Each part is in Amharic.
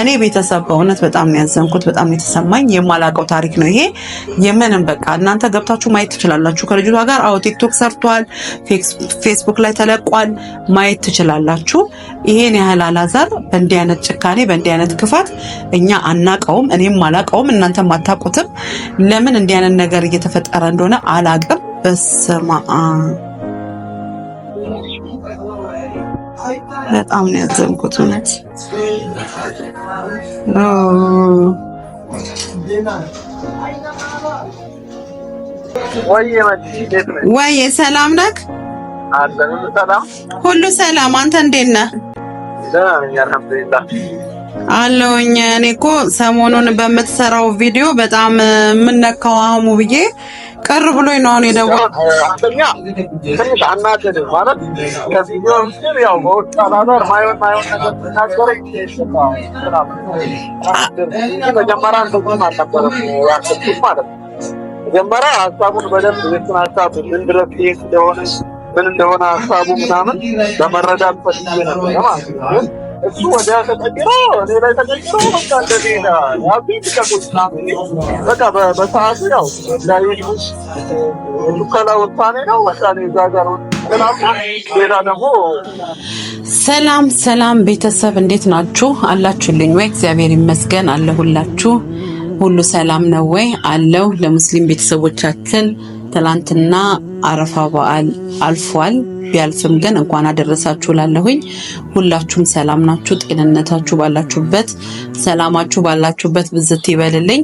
እኔ ቤተሰብ በእውነት በጣም ያዘንኩት። በጣም የተሰማኝ። የማላቀው ታሪክ ነው ይሄ። የምንም በቃ እናንተ ገብታችሁ ማየት ትችላላችሁ ከልጅቷ ጋር። አዎ ቲክቶክ ሰርቷል፣ ፌስቡክ ላይ ተለቋል፣ ማየት ትችላላችሁ። ይሄን ያህል አላዛር በእንዲህ አይነት ጭካኔ፣ በእንዲህ አይነት ክፋት እኛ አናቀውም፣ እኔም አላቀውም፣ እናንተም ማታቁትም ለምን እንዲህ አይነት ነገር እየተፈጠረ እንደሆነ አላቅም። በስማ በጣም ነው ያዘንኩት። እውነት ወይ ሰላም ነክ ሁሉ ሰላም። አንተ እንዴት ነህ? አለውኝ እኔ እኮ ሰሞኑን በምትሰራው ቪዲዮ በጣም የምነካው አህሙ ብዬ ቀር ብሎኝ ነው አሁን የደወል አንደኛ ትንሽ አናደድ ማለት ከዚህ ምስል ያው በውጭ አላዛር ማይሆን ማይሆን ነገር ተናገረኝ። መጀመሪያ እንትም አልነበረም ያክልኩት ማለት ነው። መጀመሪያ ሀሳቡን በደንብ የትን ሀሳብ ምን ድረስ ይሄድ እንደሆነ ምን እንደሆነ ሀሳቡ ምናምን ለመረዳት ፈት ነበረ ማለት ነው እሱ ወዲያ ተቀይሮ ሌላ ተቀይሮ ሰላም ሰላም ቤተሰብ እንዴት ናችሁ? አላችሁልኝ ወይ? እግዚአብሔር ይመስገን አለሁላችሁ። ሁሉ ሰላም ነው ወይ? አለው ለሙስሊም ቤተሰቦቻችን ትላንትና አረፋ በዓል አልፏል። ቢያልፍም ግን እንኳን አደረሳችሁ ላለሁኝ ሁላችሁም ሰላም ናችሁ? ጤንነታችሁ ባላችሁበት ሰላማችሁ ባላችሁበት ብዝት ይበልልኝ።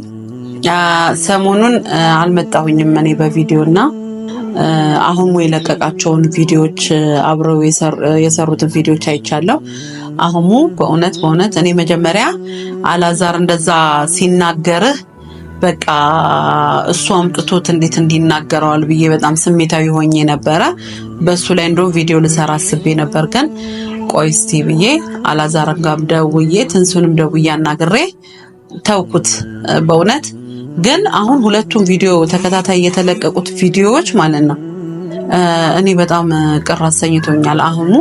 ሰሞኑን አልመጣሁኝም እኔ በቪዲዮ እና አሁን የለቀቃቸውን ቪዲዮዎች አብረው የሰሩትን ቪዲዮዎች አይቻለሁ። አሁሙ በእውነት በእውነት እኔ መጀመሪያ አላዛር እንደዛ ሲናገርህ በቃ እሱ አምጥቶት እንዴት እንዲናገረዋል ብዬ በጣም ስሜታዊ ሆኜ ነበረ። በሱ ላይ እንደውም ቪዲዮ ልሰራ አስቤ ነበር፣ ግን ቆይ እስቲ ብዬ አላዛርን ጋር ደውዬ ትንሱንም ደውዬ አናግሬ ተውኩት በእውነት ግን አሁን ሁለቱም ቪዲዮ ተከታታይ የተለቀቁት ቪዲዮዎች ማለት ነው እኔ በጣም ቅር አሰኝቶኛል። አሁኑ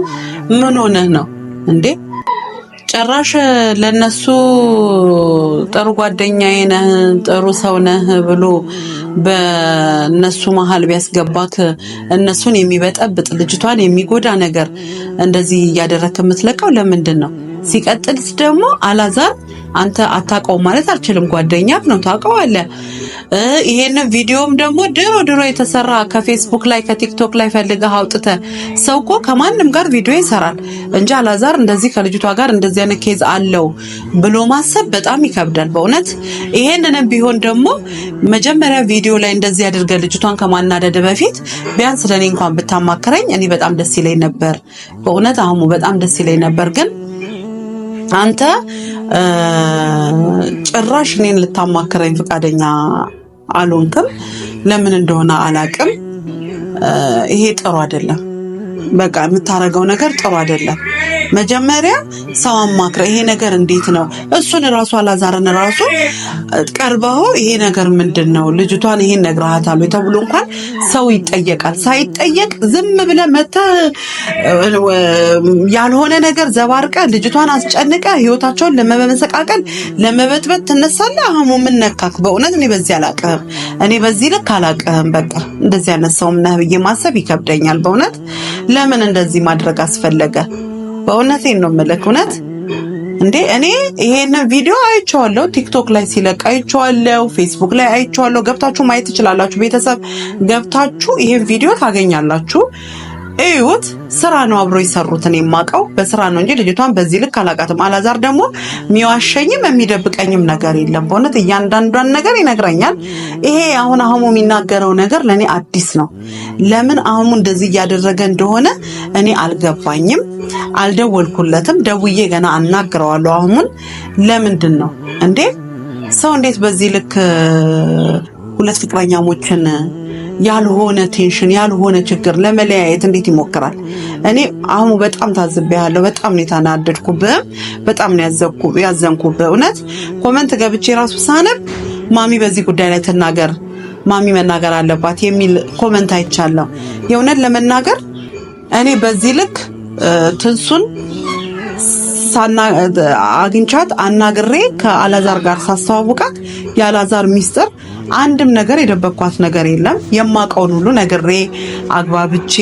ምን ሆነህ ነው እንዴ? ጭራሽ ለነሱ ጥሩ ጓደኛዬ ነህ፣ ጥሩ ሰው ነህ ብሎ በነሱ መሀል ቢያስገባት እነሱን የሚበጠብጥ ልጅቷን የሚጎዳ ነገር እንደዚህ እያደረክ የምትለቀው ለምንድን ነው? ሲቀጥል ደግሞ አላዛር አንተ አታውቀውም ማለት አልችልም። ጓደኛ ነው ታውቀዋለህ። ይሄንን ቪዲዮም ደግሞ ድሮ ድሮ የተሰራ ከፌስቡክ ላይ ከቲክቶክ ላይ ፈልገህ አውጥተ ሰው እኮ ከማንም ጋር ቪዲዮ ይሰራል እንጂ አላዛር እንደዚህ ከልጅቷ ጋር እንደዚህ አይነት ኬዝ አለው ብሎ ማሰብ በጣም ይከብዳል በእውነት። ይሄንንም ቢሆን ደግሞ መጀመሪያ ቪዲዮ ላይ እንደዚህ አድርገህ ልጅቷን ከማናደድ በፊት ቢያንስ ለእኔ እንኳን ብታማክረኝ እኔ በጣም ደስ ይለኝ ነበር በእውነት አህሙ፣ በጣም ደስ ይለኝ ነበር ግን አንተ ጭራሽ እኔን ልታማክረኝ ፈቃደኛ አልሆንክም። ለምን እንደሆነ አላቅም። ይሄ ጥሩ አይደለም። በቃ የምታረገው ነገር ጥሩ አይደለም። መጀመሪያ ሰው አማክረ ይሄ ነገር እንዴት ነው እሱን ራሱ አላዛርን ራሱ ቀርበው ይሄ ነገር ምንድን ነው ልጅቷን ይሄን ነግረሃታል ተብሎ እንኳን ሰው ይጠየቃል። ሳይጠየቅ ዝም ብለ መተ ያልሆነ ነገር ዘባርቀ ልጅቷን አስጨንቀ ህይወታቸውን ለመመሰቃቀል ለመበትበት ትነሳለ። አህሙ ምን ነካክ? በእውነት እኔ በዚህ አላቅህም፣ እኔ በዚህ ልክ አላቅህም። በቃ እንደዚህ አይነት ሰውም ነህ ብዬ ማሰብ ይከብደኛል በእውነት ለምን እንደዚህ ማድረግ አስፈለገ? በእውነቴን ነው የምልህ። እውነት እንዴ እኔ ይሄንን ቪዲዮ አይቼዋለሁ። ቲክቶክ ላይ ሲለቅ አይቼዋለሁ። ፌስቡክ ላይ አይቼዋለሁ። ገብታችሁ ማየት ትችላላችሁ። ቤተሰብ ገብታችሁ ይሄን ቪዲዮ ታገኛላችሁ። እዩት። ስራ ነው አብሮ የሰሩትን የማውቀው በስራ ነው እንጂ ልጅቷን በዚህ ልክ አላውቃትም። አላዛር ደግሞ የሚዋሸኝም የሚደብቀኝም ነገር የለም። በእውነት እያንዳንዷን ነገር ይነግረኛል። ይሄ አሁን አህሙ የሚናገረው ነገር ለእኔ አዲስ ነው። ለምን አህሙ እንደዚህ እያደረገ እንደሆነ እኔ አልገባኝም። አልደወልኩለትም። ደውዬ ገና አናግረዋለሁ አህሙን። ለምንድን ነው እንዴ ሰው እንዴት በዚህ ልክ ሁለት ፍቅረኛሞችን ያልሆነ ቴንሽን ያልሆነ ችግር ለመለያየት እንዴት ይሞክራል? እኔ አሁን በጣም ታዝቤያለሁ። በጣም ነው የተናደድኩብህ፣ በጣም ነው ያዘንኩብህ። እውነት ኮመንት ገብቼ ራሱ ሳነብ ማሚ በዚህ ጉዳይ ላይ ትናገር፣ ማሚ መናገር አለባት የሚል ኮመንት አይቻለሁ። የእውነት ለመናገር እኔ በዚህ ልክ ትንሱን አግኝቻት አናግሬ ከአላዛር ጋር ሳስተዋውቃት የአላዛር ሚስጥር አንድም ነገር የደበኳት ነገር የለም። የማውቀውን ሁሉ ነግሬ አግባብቼ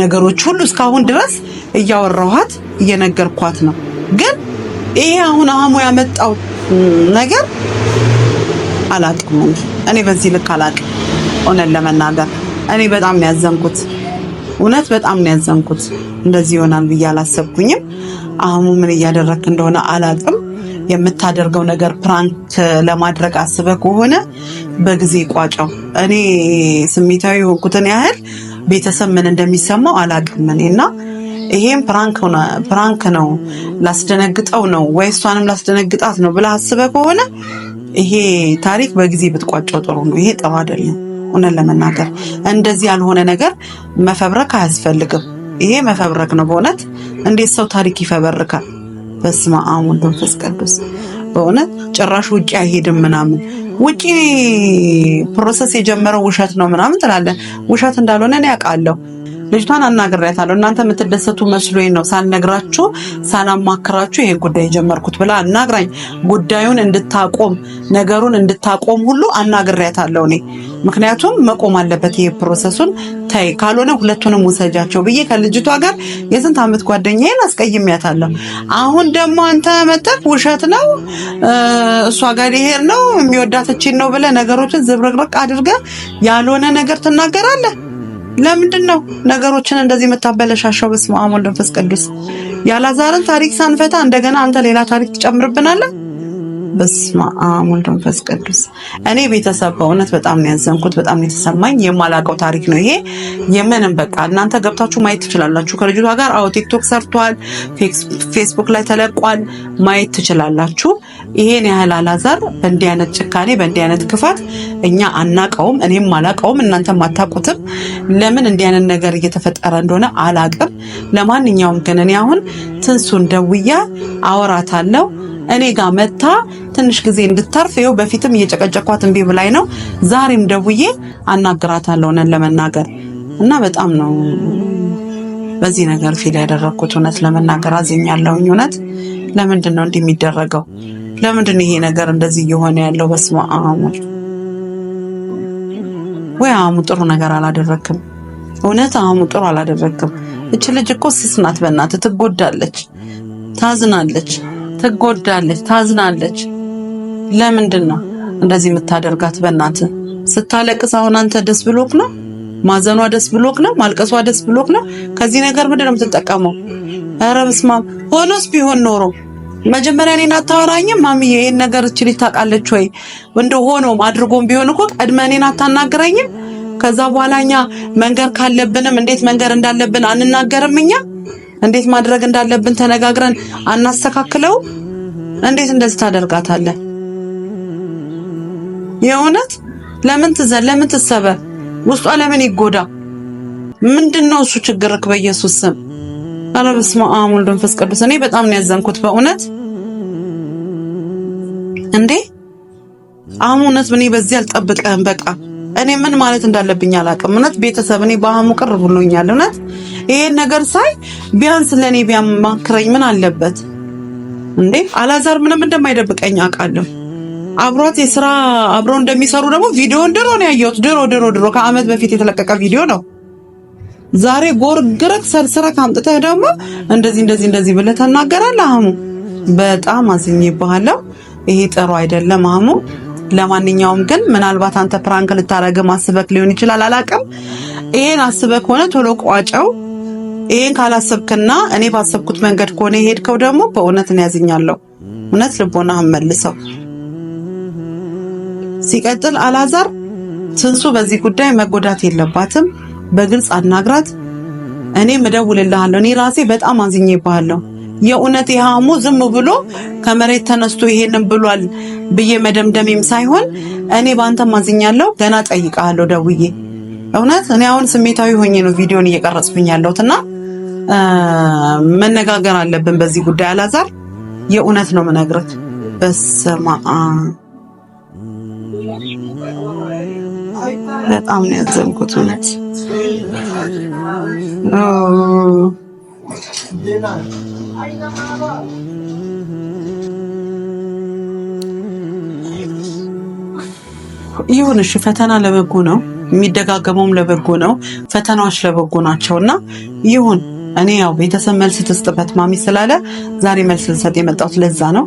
ነገሮች ሁሉ እስካሁን ድረስ እያወራኋት እየነገርኳት ነው። ግን ይሄ አሁን አህሙ ያመጣው ነገር አላቅም። እኔ በዚህ ልክ አላቅም። እውነት ለመናገር እኔ በጣም ያዘንኩት። እውነት በጣም ያዘንኩት። እንደዚህ ይሆናል ብዬ አላሰብኩኝም። አህሙ ምን እያደረክ እንደሆነ አላቅም። የምታደርገው ነገር ፕራንክ ለማድረግ አስበ ከሆነ በጊዜ ቋጫው። እኔ ስሜታዊ የሆንኩትን ያህል ቤተሰብ ምን እንደሚሰማው አላቅም እኔ እና ይሄም ፕራንክ ነው ላስደነግጠው ነው ወይ እሷንም ላስደነግጣት ነው ብላ አስበ ከሆነ ይሄ ታሪክ በጊዜ ብትቋጫው ጥሩ ነው። ይሄ ጥሩ አይደለም። እውነት ለመናገር እንደዚህ ያልሆነ ነገር መፈብረክ አያስፈልግም። ይሄ መፈብረክ ነው። በእውነት እንዴት ሰው ታሪክ ይፈበርካል? በስመ አብ ወወልድ ወመንፈስ ቅዱስ። በእውነት ጭራሽ ውጪ አይሄድም ምናምን ውጪ ፕሮሰስ የጀመረው ውሸት ነው ምናምን ትላለን። ውሸት እንዳልሆነ እኔ አውቃለሁ። ልጅቷን አናግሬያታለሁ። እናንተ የምትደሰቱ መስሎኝ ነው ሳልነግራችሁ ሳላማክራችሁ ይሄ ጉዳይ የጀመርኩት ብላ አናግራኝ ጉዳዩን እንድታቆም ነገሩን እንድታቆም ሁሉ አናግሬያታለሁ እኔ። ምክንያቱም መቆም አለበት ይሄ ፕሮሰሱን፣ ተይ ካልሆነ ሁለቱንም ውሰጃቸው ብዬ ከልጅቷ ጋር የስንት ዓመት ጓደኛዬን አስቀይሜያታለሁ። አሁን ደግሞ አንተ መጠቅ ውሸት ነው እሷ ጋር ይሄድ ነው የሚወዳት እቺን ነው ብለህ ነገሮችን ዝብርቅርቅ አድርገህ ያልሆነ ነገር ትናገራለህ። ለምንድን ነው ነገሮችን እንደዚህ የምታበለሻሻው? በስመ አብ ወወልድ ወመንፈስ ቅዱስ። ያላዛርን ታሪክ ሳንፈታ እንደገና አንተ ሌላ ታሪክ ትጨምርብናለህ። በስመ አብ ቅዱስ። እኔ ቤተሰብ በእውነት በጣም ያዘንኩት፣ በጣም የተሰማኝ። የማላውቀው ታሪክ ነው ይሄ። የምንም በቃ እናንተ ገብታችሁ ማየት ትችላላችሁ ከልጅቷ ጋር። አዎ ቲክቶክ ሰርቷል፣ ፌስቡክ ላይ ተለቋል፣ ማየት ትችላላችሁ። ይሄን ያህል አላዛር በእንዲህ አይነት ጭካኔ በእንዲህ አይነት ክፋት እኛ አናቀውም፣ እኔም አላቀውም፣ እናንተም አታውቁትም። ለምን እንዲህ አይነት ነገር እየተፈጠረ እንደሆነ አላቅም። ለማንኛውም ግን እኔ አሁን ትንሱን ደውያ አወራታለሁ። እኔ ጋር መታ ትንሽ ጊዜ እንድታርፍ ይኸው በፊትም እየጨቀጨኳት እምቢ ብላኝ ነው። ዛሬም ደውዬ አናግራታለሁ እውነት ለመናገር እና በጣም ነው በዚህ ነገር ፊል ያደረኩት እውነት ለመናገር አዝኛለሁኝ። እውነት ለምንድን ነው እንዲህ የሚደረገው? ለምንድን ነው ይሄ ነገር እንደዚህ እየሆነ ያለው? በስመ አብ ወይ አሙ ጥሩ ነገር አላደረክም። እውነት አሙ ጥሩ አላደረክም። እች ልጅ እኮ ስስ ናት፣ በእናት ትጎዳለች፣ ታዝናለች፣ ትጎዳለች፣ ታዝናለች። ለምንድን ነው እንደዚህ የምታደርጋት? በእናት ስታለቅስ አሁን አንተ ደስ ብሎክ ነው? ማዘኗ ደስ ብሎክ ነው? ማልቀሷ ደስ ብሎክ ነው? ከዚህ ነገር ምንድን ነው የምትጠቀመው? ኧረ በስመ አብ። ሆኖስ ቢሆን ኖሮ መጀመሪያ እኔን አታወራኝም ማሚዬ? ይሄን ነገር እች ልጅ ታውቃለች ወይ? እንደው ሆኖም አድርጎም ቢሆን እኮ ቀድመህ እኔን አታናግረኝም? ከዛ በኋላ እኛ መንገር ካለብንም እንዴት መንገር እንዳለብን አንናገርም። እኛ እንዴት ማድረግ እንዳለብን ተነጋግረን አናስተካክለው። እንዴት እንደዚህ ታደርጋታለህ? የእውነት ለምን ትዘን ለምን ትሰበር? ውስጧ ለምን ይጎዳ? ምንድነው እሱ ችግርክ? በኢየሱስ ስም ኧረ በስመ አብ ወልድ መንፈስ ቅዱስ። እኔ በጣም ነው ያዘንኩት በእውነት እንዴ። አሁን እውነት እኔ በዚህ አልጠብቀህም በቃ እኔ ምን ማለት እንዳለብኝ አላውቅም። እውነት ቤተሰብ እኔ በአህሙ ቅር ብሎኛል። እውነት ይሄን ነገር ሳይ ቢያንስ ለእኔ ቢያማክረኝ ምን አለበት እንዴ? አላዛር ምንም እንደማይደብቀኝ አውቃለሁ። አብሯት የስራ አብረው እንደሚሰሩ ደግሞ ቪዲዮን ድሮ ነው ያየሁት። ድሮ ድሮ ድሮ ከአመት በፊት የተለቀቀ ቪዲዮ ነው። ዛሬ ጎርግረክ ሰርስረክ አምጥተህ ደግሞ እንደዚህ እንደዚህ እንደዚህ ብለህ ተናገራለህ። አህሙ በጣም አዝኜብሃለሁ። ይሄ ጥሩ አይደለም አህሙ ለማንኛውም ግን ምናልባት አንተ ፕራንክ ልታረግ ማስበክ ሊሆን ይችላል፣ አላቅም። ይሄን አስበክ ሆነ ቶሎ ቋጨው። ይሄን ካላሰብክና እኔ ባሰብኩት መንገድ ከሆነ የሄድከው ደግሞ በእውነት ነው ያዝኛለሁ። እውነት ልቦናህን መልሰው። ሲቀጥል አላዛር ትንሱ በዚህ ጉዳይ መጎዳት የለባትም። በግልጽ አናግራት። እኔ እደውልልሃለሁ። እኔ ራሴ በጣም አዝኜብሃለሁ። የእውነት የሃሙ ዝም ብሎ ከመሬት ተነስቶ ይሄንን ብሏል ብዬ መደምደሜም ሳይሆን እኔ በአንተ ማዝኛለሁ። ገና ጠይቃለሁ ደውዬ። እውነት እኔ አሁን ስሜታዊ ሆኜ ነው ቪዲዮን እየቀረጽኩኝ ያለሁት እና መነጋገር አለብን በዚህ ጉዳይ አላዛር። የእውነት ነው የምነግርህ። በስመ አብ በጣም ነው ያዘንኩት እውነት ይሁንሽ ፈተና ለበጎ ነው። የሚደጋገመውም ለበጎ ነው። ፈተናዎች ለበጎ ናቸው እና ይሁን። እኔ ያው ቤተሰብ መልስ ትስጥበት ማሚ ስላለ ዛሬ መልስ ልሰጥ የመጣሁት ለዛ ነው።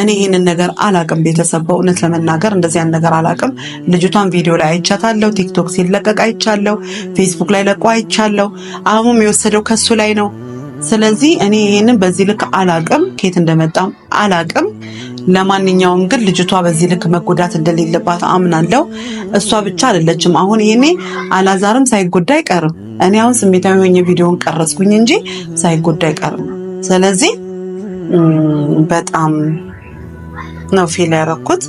እኔ ይህንን ነገር አላቅም። ቤተሰብ በእውነት ለመናገር እንደዚህ ያን ነገር አላቅም። ልጅቷን ቪዲዮ ላይ አይቻታለሁ፣ ቲክቶክ ሲለቀቅ አይቻለሁ፣ ፌስቡክ ላይ ለቆ አይቻለሁ። አህሙም የወሰደው ከሱ ላይ ነው። ስለዚህ እኔ ይህንን በዚህ ልክ አላቅም፣ ኬት እንደመጣም አላቅም። ለማንኛውም ግን ልጅቷ በዚህ ልክ መጎዳት እንደሌለባት አምናለሁ። እሷ ብቻ አይደለችም። አሁን ይሄኔ አላዛርም ሳይጎዳ አይቀርም። እኔ አሁን ስሜታዊ ሆኜ ቪዲዮን ቀረጽኩኝ እንጂ ሳይጎዳ አይቀርም። ስለዚህ በጣም ነው ፊል ያደረኩት።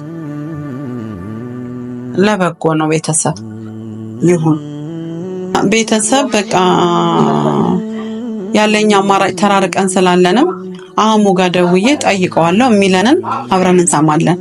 ለበጎ ነው። ቤተሰብ ይሁን ቤተሰብ በቃ ያለኝ አማራጭ ተራርቀን ስላለ ነው አህሙ ጋር ደውዬ ጠይቀዋለሁ የሚለንን አብረን እንሰማለን።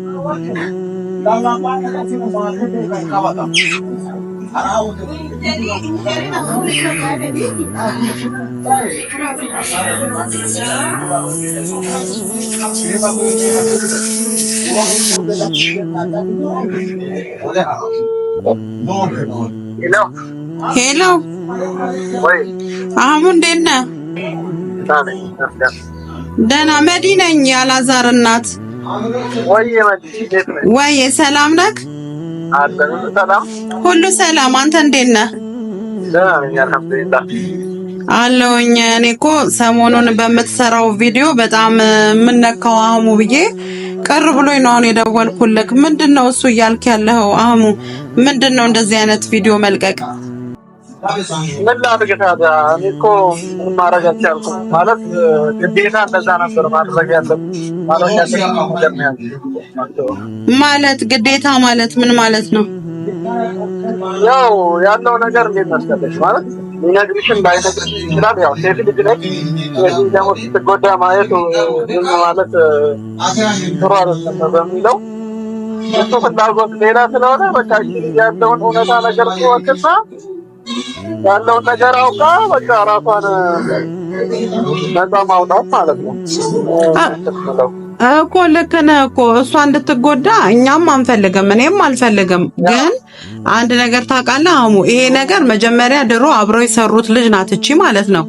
ሄሎ አህሙ እንዴት ነህ? ደህና መዲ ነኝ። ያላዛር እናት ወይ ሰላም ነክ? ሁሉ ሰላም። አንተ እንዴት ነህ? አለውኝ እኔ እኮ ሰሞኑን በምትሰራው ቪዲዮ በጣም የምነካው አህሙ ብዬ ቅር ብሎኝ ነው አሁን የደወልኩልክ ምንድን ነው እሱ እያልክ ያለኸው አህሙ? ምንድን ነው እንደዚህ አይነት ቪዲዮ መልቀቅ ምን ላድርግ ታዲያ? እኔ እኮ ምን ማድረግ አልቻልኩም። ማለት ግዴታ እንደዛ ነበር ማድረግ ያለብን። ማለት ግዴታ ማለት ምን ማለት ነው? ያው ያለው ነገር እንዴት መሰለሽ፣ ማለት ሊነግርሽም ባይነግርሽ ይችላል። ያው ሴት ልጅ ነች፣ ስለዚህ ደግሞ ስትጎዳ ማየት ዝም ማለት ጥሩ አይደለም በሚለው እሱ ፍላጎት ሌላ ስለሆነ በቃ ያለውን እውነታ ነገር ሲወቅሳ ያለውን ነገር አውቃ በቃ ራሷን ነፃ ማውጣት ማለት ነው እኮ። ልክ ነህ እኮ እሷ እንድትጎዳ እኛም አንፈልግም፣ እኔም አልፈልግም። ግን አንድ ነገር ታውቃለህ አሙ፣ ይሄ ነገር መጀመሪያ ድሮ አብረው የሰሩት ልጅ ናት እቺ ማለት ነው።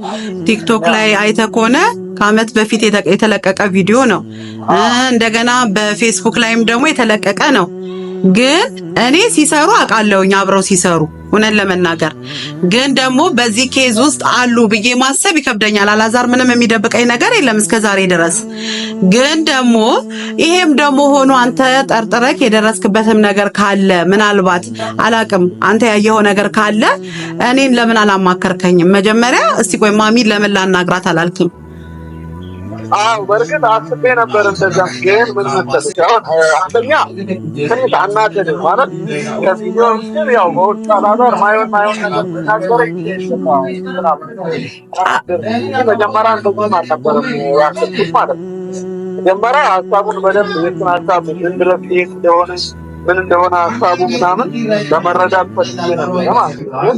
ቲክቶክ ላይ አይተህ ከሆነ ከዓመት በፊት የተለቀቀ ቪዲዮ ነው። እንደገና በፌስቡክ ላይም ደግሞ የተለቀቀ ነው። ግን እኔ ሲሰሩ አውቃለሁኝ አብረው ሲሰሩ እውነት ለመናገር ግን ደግሞ በዚህ ኬዝ ውስጥ አሉ ብዬ ማሰብ ይከብደኛል። አላዛር ምንም የሚደብቀኝ ነገር የለም እስከ ዛሬ ድረስ። ግን ደግሞ ይሄም ደግሞ ሆኖ አንተ ጠርጥረክ የደረስክበትም ነገር ካለ ምናልባት አላቅም፣ አንተ ያየኸው ነገር ካለ እኔን ለምን አላማከርከኝም? መጀመሪያ እስቲ ቆይ ማሚን ለምን ላናግራት አላልክም? አዎ በእርግጥ አስቤ ነበር እንደዛ። ግን ምን መሰለሽ አሁን አንደኛ ትንሽ አናደድ ማለት ከቪዲዮ ምስል ያው በውጭ አላበር ማየሆን ማየሆን ነገር መጀመሪያ እንደዚህም አልነበረም ያስቡት ማለት መጀመሪያ ሀሳቡን በደንብ የትን ሀሳብ ምን ድረስ ይሄድ እንደሆነ ምን እንደሆነ ሀሳቡ ምናምን ለመረዳት ፈልጌ ነበር ማለት ነው።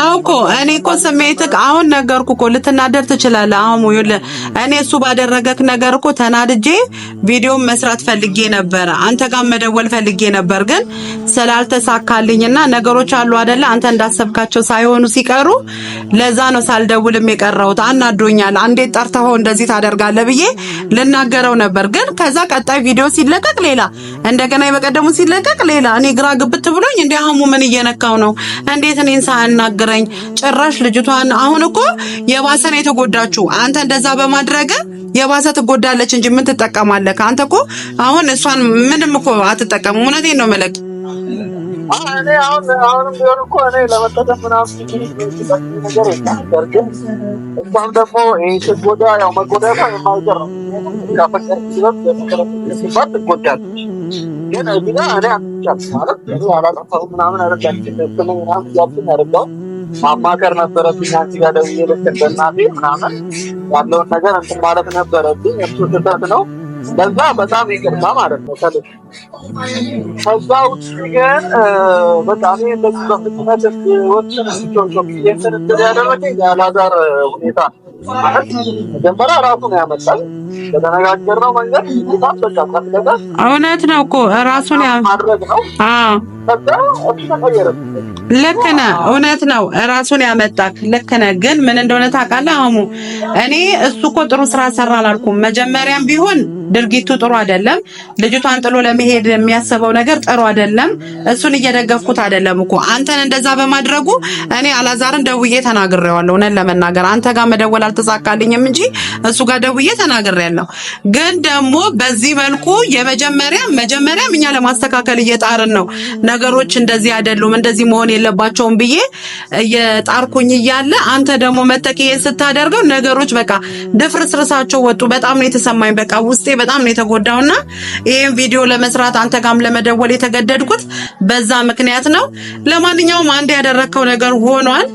አውኮ እኔ እኮ ስሜት አሁን ነገርኩ እኮ ልትናደር ትችላለህ። አሁን እኔ እሱ ባደረገክ ነገር እኮ ተናድጄ ቪዲዮም መስራት ፈልጌ ነበረ፣ አንተ ጋር መደወል ፈልጌ ነበር፣ ግን ስላልተሳካልኝና ነገሮች አሉ አይደለ አንተ እንዳሰብካቸው ሳይሆኑ ሲቀሩ ለዛ ነው ሳልደውልም የቀረሁት። አናዶኛል። አንዴ ጠርተኸው እንደዚህ ታደርጋለህ ብዬ ልናገረው ነበር፣ ግን ከዛ ቀጣይ ቪዲዮ ሲለቀቅ ሌላ፣ እንደገና የበቀደሙ ሲለቀቅ ሌላ። እኔ ግራ ግብት ብሎኝ እንዲህ አህሙ ምን እየነካው ነው እንዴ እንዴት እኔን ሳያናግረኝ ጭራሽ ልጅቷን አሁን እኮ የባሰ ነው የተጎዳችሁ። አንተ እንደዛ በማድረግ የባሰ ትጎዳለች እንጂ ምን ትጠቀማለህ? አንተ እኮ አሁን እሷን ምንም እኮ አትጠቀምም። እውነቴን ነው መለቅ ደግሞ ግን እዚህ ጋር እኔ ማለት ብዙ አላጠፋሁ ምናምን ምናምን ማማከር ነበረብኝ። አንቺ ጋር ደውዬ ልክ እንደ ምናምን ያለውን ነገር እንትን ማለት ነበረብኝ። እሱ ስህተት ነው። በዛ በጣም ይቅርታ ማለት ነው። ከል ከዛ ውጭ ግን በቃ እንደዚህ በፍጥነት ወጥ ስቾ ያደረገኝ የአላዛር ሁኔታ ነው። መጀመሪያ ነው ያመጣል። በተነጋገርነው መንገድ እውነት ነው እኮ ራሱን ማድረግ ነው። ልክ ነህ፣ እውነት ነው። ራሱን ያመጣክ ልክ ነህ። ግን ምን እንደሆነ ታውቃለህ? አሙ እኔ እሱ እኮ ጥሩ ስራ ሰራ አላልኩም መጀመሪያም ቢሆን ድርጊቱ ጥሩ አይደለም። ልጅቷን ጥሎ ለመሄድ የሚያስበው ነገር ጥሩ አይደለም። እሱን እየደገፍኩት አይደለም እኮ አንተን እንደዛ በማድረጉ እኔ አላዛርን ደውዬ ተናግሬዋለሁ። እውነት ለመናገር አንተ ጋር መደወል አልተሳካልኝም እንጂ እሱ ጋር ደውዬ ተናግሬያለሁ። ግን ደግሞ በዚህ መልኩ የመጀመሪያ መጀመሪያም እኛ ለማስተካከል እየጣርን ነው። ነገሮች እንደዚህ አይደሉም፣ እንደዚህ መሆን የለባቸውም ብዬ እየጣርኩኝ እያለ አንተ ደግሞ መተቅዬ ስታደርገው ነገሮች በቃ ድፍርስርሳቸው ወጡ። በጣም ነው የተሰማኝ በቃ ውስጤ በጣም ነው የተጎዳውና ይህም ቪዲዮ ለመስራት አንተ ጋም ለመደወል የተገደድኩት በዛ ምክንያት ነው። ለማንኛውም አንድ ያደረግከው ነገር ሆኗል።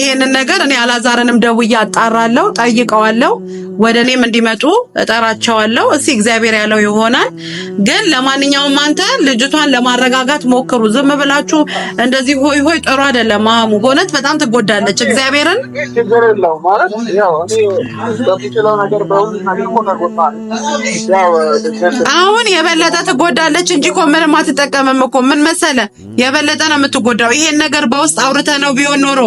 ይሄንን ነገር እኔ አላዛርንም ደውዬ አጣራለሁ፣ ጠይቀዋለሁ ወደ እኔም እንዲመጡ እጠራቸዋለሁ። እስኪ እግዚአብሔር ያለው ይሆናል። ግን ለማንኛውም አንተ ልጅቷን ለማረጋጋት ሞክሩ። ዝም ብላችሁ እንደዚህ ሆይ ሆይ ጥሩ አይደለም። አህሙ በእውነት በጣም ትጎዳለች። እግዚአብሔርን አሁን የበለጠ ትጎዳለች እንጂ እኮ ምንም አትጠቀምም እኮ ምን መሰለ፣ የበለጠ ነው የምትጎዳው። ይሄን ነገር በውስጥ አውርተ ነው ቢሆን ኖሮ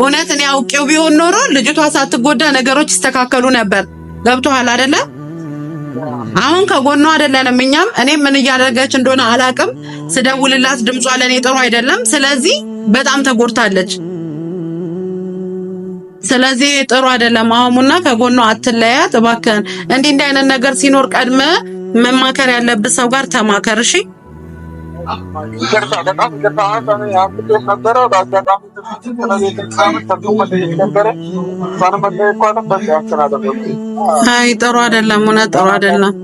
እውነት እኔ አውቄው ቢሆን ኖሮ ልጅቷ ሳትጎዳ ነገሮች ይስተካከሉ ነበር። ገብቶሃል አይደለ? አሁን ከጎኗ አይደለ እኛም እኔ ምን እያደረገች እንደሆነ አላቅም። ስደውልላት ድምጿ ለእኔ ጥሩ አይደለም። ስለዚህ በጣም ተጎድታለች። ስለዚህ ጥሩ አይደለም። አህሙና ከጎኗ አትለያት እባክህን። እንዲህ እንዲህ አይነት ነገር ሲኖር ቀድመ መማከር ያለብህ ሰው ጋር ተማከር እሺ። አይ ጥሩ አይደለም፣ እውነት ጥሩ አይደለም።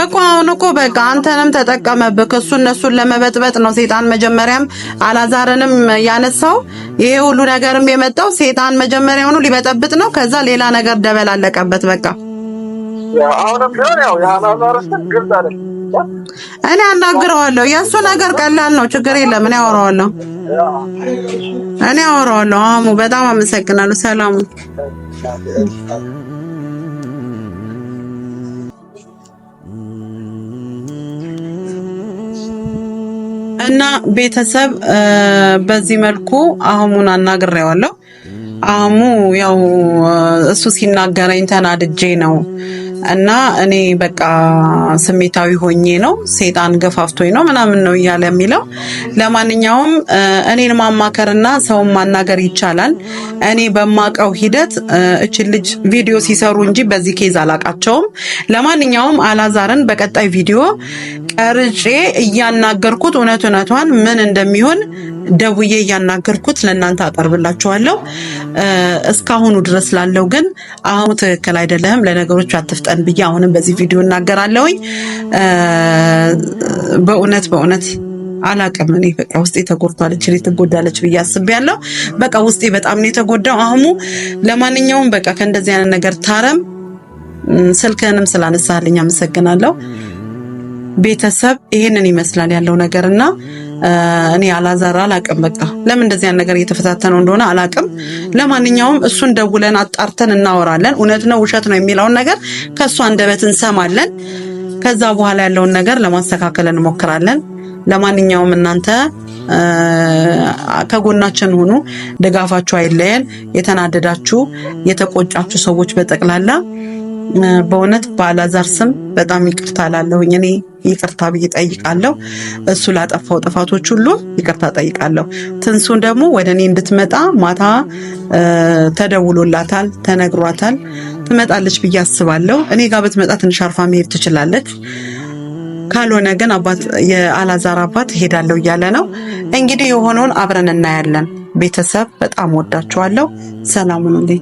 እኮ አሁን እኮ በቃ አንተንም ተጠቀመብህ። እሱ እነሱን ለመበጥበጥ ነው ሴጣን መጀመሪያም አላዛርንም ያነሳው። ይሄ ሁሉ ነገርም የመጣው ሴጣን መጀመሪያውኑ ሊበጠብጥ ነው። ከዛ ሌላ ነገር ደበላለቀበት በቃ አሁንም ቢሆን ያው የአላዛርስን ግልጽ አለ እኔ አናግረዋለሁ። የእሱ ነገር ቀላል ነው፣ ችግር የለም። እኔ አወራዋለሁ እኔ አወራዋለሁ። አሙ በጣም አመሰግናለሁ። ሰላሙ እና ቤተሰብ በዚህ መልኩ አህሙን አናግሬዋለሁ። አህሙ ያው እሱ ሲናገረኝ ተናድጄ ነው እና እኔ በቃ ስሜታዊ ሆኜ ነው ሴጣን ገፋፍቶኝ ነው ምናምን ነው እያለ የሚለው። ለማንኛውም እኔን ማማከርና ሰውን ማናገር ይቻላል። እኔ በማቀው ሂደት እችን ልጅ ቪዲዮ ሲሰሩ እንጂ በዚህ ኬዝ አላቃቸውም። ለማንኛውም አላዛርን በቀጣይ ቪዲዮ ቀርጬ እያናገርኩት እውነት እውነቷን ምን እንደሚሆን ደውዬ እያናገርኩት ለእናንተ አቀርብላችኋለሁ። እስካሁኑ ድረስ ላለው ግን አሁኑ ትክክል አይደለም፣ ለነገሮች አትፍጠን ብዬ አሁንም በዚህ ቪዲዮ እናገራለሁኝ። በእውነት በእውነት አላቅም እኔ በቃ ውስጤ ተጎድቷለች፣ እኔ ትጎዳለች ብዬ አስቤያለሁ። በቃ ውስጤ በጣም ነው የተጎዳው። አህሙ ለማንኛውም በቃ ከእንደዚህ አይነት ነገር ታረም። ስልክህንም ስላነሳልኝ አመሰግናለሁ። ቤተሰብ ይሄንን ይመስላል ያለው ነገር እና እኔ አላዛር አላቅም። በቃ ለምን እንደዚህ ነገር እየተፈታተነው እንደሆነ አላቅም። ለማንኛውም እሱን ደውለን አጣርተን እናወራለን። እውነት ነው ውሸት ነው የሚለውን ነገር ከእሱ አንደበት እንሰማለን። ከዛ በኋላ ያለውን ነገር ለማስተካከል እንሞክራለን። ለማንኛውም እናንተ ከጎናችን ሁኑ፣ ድጋፋችሁ አይለየን። የተናደዳችሁ የተቆጫችሁ ሰዎች በጠቅላላ በእውነት በአላዛር ስም በጣም ይቅርታ ላለሁኝ እኔ ይቅርታ ብዬ ጠይቃለሁ። እሱ ላጠፋው ጥፋቶች ሁሉ ይቅርታ ጠይቃለሁ። ትንሱን ደግሞ ወደ እኔ እንድትመጣ ማታ ተደውሎላታል፣ ተነግሯታል። ትመጣለች ብዬ አስባለሁ። እኔ ጋር ብትመጣ ትንሽ አርፋ መሄድ ትችላለች። ካልሆነ ግን አባት የአላዛር አባት እሄዳለሁ እያለ ነው። እንግዲህ የሆነውን አብረን እናያለን። ቤተሰብ በጣም ወዳችኋለሁ። ሰላሙን